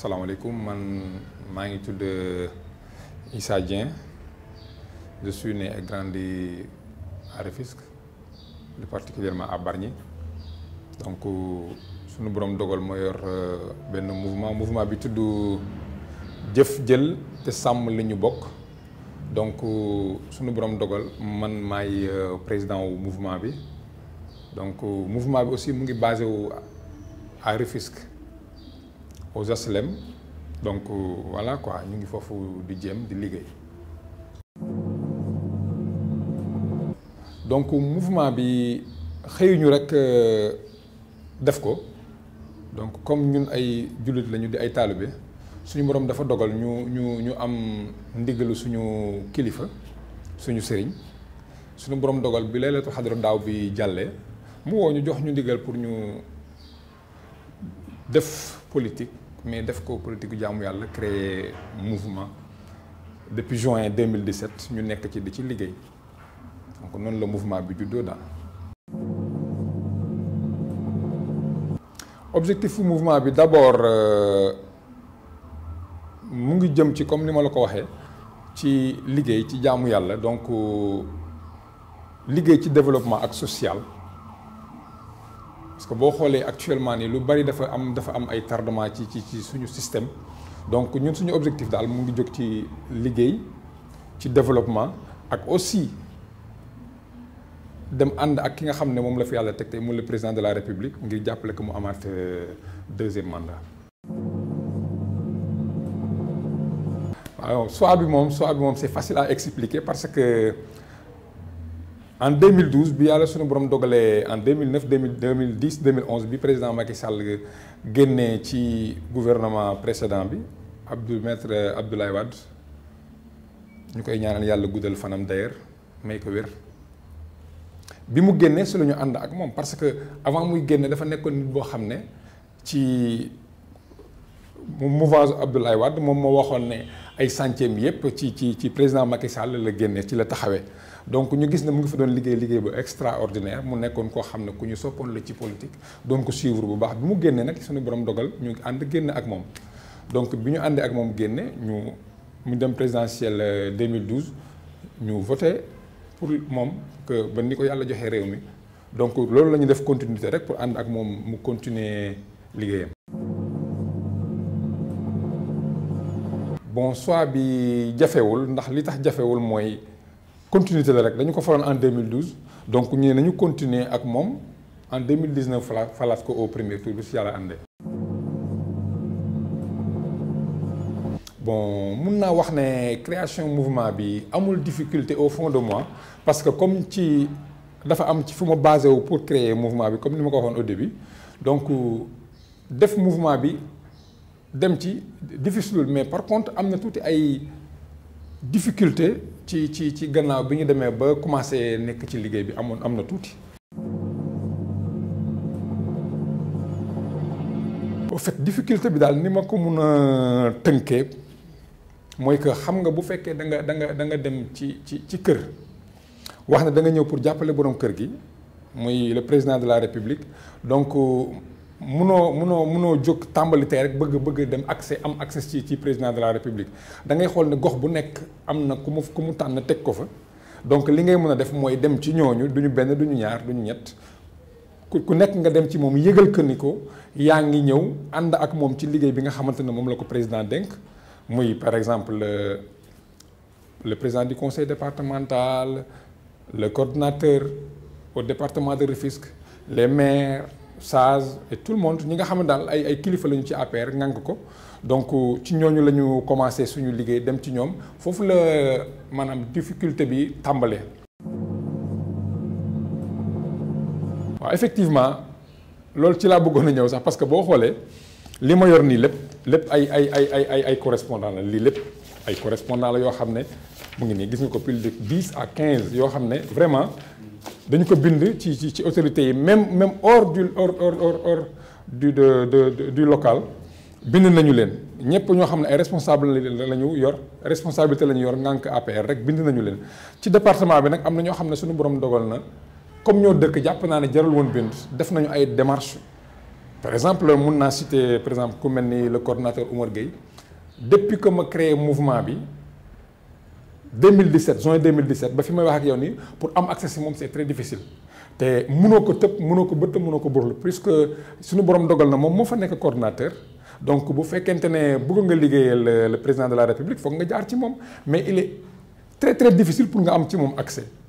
salaamaaleykum man maa ngi tudd euh, Issa Dieng je suis né et grandi à Rufisque plus particulièrement à Bargny donc euh, suñu borom dogal moo yor euh, benn mouvement mouvement bi tudd jëf jël te sàmm li ñu bokk donc suñu borom dogal man may président wu mouvement bi donc mouvement bi aussi mu ngi basé wu à aux HLM donc euh, voilà quoi ñu ngi foofu di jéem di liggéey. donc mouvement bi xëyuñu rek euh, def ko donc comme ñun ay jullit lañu di ay taalibe suñu borom dafa dogal ñu ñu ñu am ndigalu suñu kilifa suñu sëriñ suñu borom dogal bi laylatul xadra daaw bi jàlle mu woo ñu jox ñu ndigal pour ñu def politique. mais def ko politique jaamu yàlla créer mouvement depuis juin 2017 ñu nekk ci di ci liggéey donc noonu la mouvement bi juddoo daal. objectif mouvement bi d'abord euh, mu ngi jëm ci comme ni ma la ko waxee ci liggéey ci jaamu yàlla donc euh, liggéey ci développement ak social. parce que boo xoolee actuellement nii lu bari dafa am dafa am ay tardement ci ci ci suñu système donc ñun suñu objectif daal mu ngi jóg ci liggéey ci développement ak aussi dem ànd ak ki nga xam ne moom la fi yàlla teg tey mu le président de la république ngir jàppale ko mu amaat euh, deuxième mandat. waaw choix bi moom choix bi moom c'est facile à expliquer parce que. en 2012 bi yàlla suñu borom dogalee en 2009 2010 2011 bi président Macky Sall génnee ci gouvernement précédent bi Abdou maître Abdoulaye Wade ñu koy ñaanal yàlla guddal fanam d'ailleurs may ko wér bi mu génnee si la ànd ak moom parce que avant muy génne dafa nekkoon nit boo xam ne ci mouvance Abdoulaye Wade moom moo waxoon ne ay chantier yépp ci ci ci président Macky Sall la génne ci la taxawee. donc ñu gis na mu ngi fa doon liggéey liggéey bu extraordinaire mu nekkoon koo xam ne ku ñu soppoon la ci politique doon ko suivre bu baax bi mu génnee nag suñu borom dogal ñu ànd génn ak moom donc bi ñu àndee ak moom génne ñu mu dem présidentielle euh, 2012 ñu voté pour moom que ba ni ko yàlla joxee réew mi donc loolu la ñu def continuité rek pour ànd ak moom mu continuer liggéeyam. bon choix bi jafewul ndax li tax jafewul mooy. continuité la rek dañu ko faloon en 2012 donc ñu ne nañu continuer ak moom en 2019 fala falaas ko au premier tour bi si mun naa wax ne création mouvement bi amul difficulté au fond de moi parce que comme ci dafa am ci fu ma basé wu pour créer mouvement bi comme ni ma ko waxoon au début donc def mouvement bi dem ci difficile mais par contre am na tuuti ay difficulté ci ci ci gannaaw bi ñu demee ba commencé nekk ci liggéey bi amoon am na tuuti. au fait difficulté bi daal ni ma ko mun a tënkee mooy que xam nga bu fekkee da nga da nga da nga dem ci ci ci kër wax ne danga ñëw pour jàppale borom kër gi mooy le président de la république donc. munoo munoo munoo jóg tàmbalitee rek bëgg bëgg dem accès am accès ci ci président de la république da ngay xool ni gox bu nekk am na ku mu ku mu tànn teg ko fa donc li ngay mën a def mooy dem ci ñooñu duñu benn duñu ñaar duñu ñett ku ku nekk nga dem ci moom yëgal que ni ko yaa ngi ñëw ànd ak moom ci liggéey bi nga xamante ne moom la ko président dénk muy par exemple le président du conseil départemental le coordinateur au département de Rufisque les maires. change et tout le monde ñi nga xam ne daal ay ay kilifa lañu ci APR ngang ko donc ci ñooñu la ñu commencé suñu liggéey dem ci ñoom foofu la maanaam difficulté bi tàmbalee. waaw effectivement loolu ci laa bëggoon a ñëw sax parce que boo xoolee li ma yor nii lépp lépp ay ay ay ay ay ay correspondant la lii lépp ay correspondant la yoo xam ne mu ngi nii gis nga ko plus de dix à quinze yoo xam ne vraiment. dañu ko bind ci ci ci autorités yi même même or du hors or hors du de du local bind nañu leen ñëpp ñoo xam ne ay responsable la ñu yor responsabilité la ñu yor ngànk APR rek bind nañu leen. ci département bi nag am na ñoo xam ne suñu borom dogal na comme ñoo dëkk jàpp naa ne jaral woon bind def nañu ay démarche par exemple mun naa citer par exemple ku mel ni le coordonnateur Oumar Gueye depuis que ma créé mouvement bi. 2017 juin 2017 ba fi may wax ak yow nii pour am accès si moom c'est très difficile te mënoo ko tëb mënoo ko bëtt mënoo ko burlu puisque suñu borom dogal na moom moo fa nekk coordonnateur donc bu fekkente ne bëgg nga liggéeyal euh, le président de la république foog nga jaar ci moom mais il est très très difficile pour nga am ci moom accès